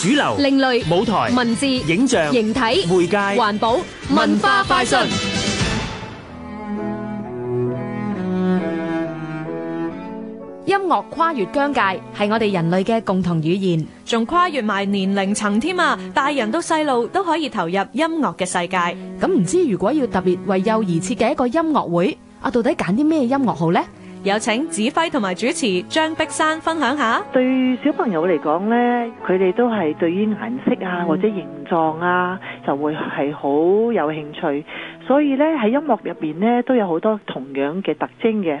主流、另類舞台、文字、影像、形體、媒介、環保、文化快訊。音樂跨越疆界，係我哋人類嘅共同語言，仲跨越埋年齡層添啊！大人都細路都可以投入音樂嘅世界。咁唔知如果要特別為幼兒設計一個音樂會，啊，到底揀啲咩音樂好呢？有請指揮同埋主持張碧山分享下。對小朋友嚟講呢，佢哋都係對於顏色啊，或者形狀啊，就會係好有興趣。所以呢，喺音樂入邊呢，都有好多同樣嘅特徵嘅。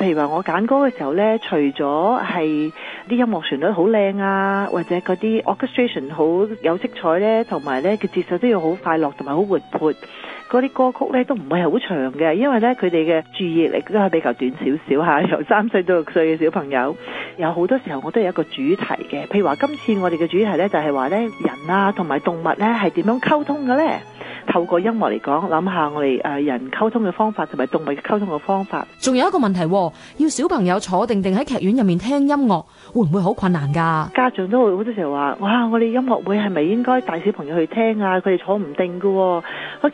譬如話我揀歌嘅時候呢，除咗係啲音樂旋律好靚啊，或者嗰啲 orchestration 好有色彩呢，同埋呢，嘅節奏都要好快樂同埋好活潑，嗰啲歌曲呢都唔會係好長嘅，因為呢，佢哋嘅注意力都係比較短少少嚇，由三歲到六歲嘅小朋友，有好多時候我都有一個主題嘅，譬如話今次我哋嘅主題呢，就係話呢，人啊同埋動物呢係點樣溝通嘅呢？透過音樂嚟講，諗下我哋誒人溝通嘅方法，同埋動物溝通嘅方法。仲有一個問題，哦，要小朋友坐定定喺劇院入面聽音樂，會唔會好困難㗎？家長都會好多時候話：哇！我哋音樂會係咪應該帶小朋友去聽啊？佢哋坐唔定㗎喎。」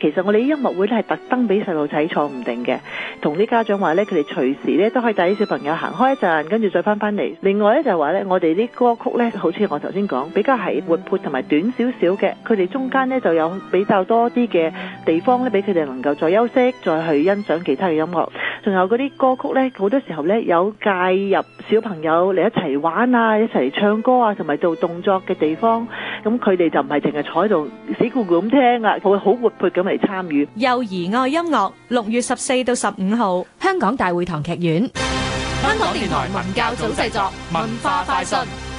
其實我哋音樂會咧係特登俾細路仔坐唔定嘅，同啲家長話咧，佢哋隨時咧都可以帶啲小朋友行開一陣，跟住再翻返嚟。另外咧就係話咧，我哋啲歌曲咧，好似我頭先講，比較係活潑同埋短少少嘅，佢哋中間咧就有比較多啲。嘅地方咧，俾佢哋能夠再休息，再去欣賞其他嘅音樂。仲有嗰啲歌曲咧，好多時候咧有介入小朋友嚟一齊玩啊，一齊唱歌啊，同埋做動作嘅地方。咁佢哋就唔係淨係坐喺度死咕咕咁聽啊，佢會好活潑咁嚟參與。幼兒愛音樂，六月十四到十五號，香港大會堂劇院，香港電台文教組製作，文化快訊。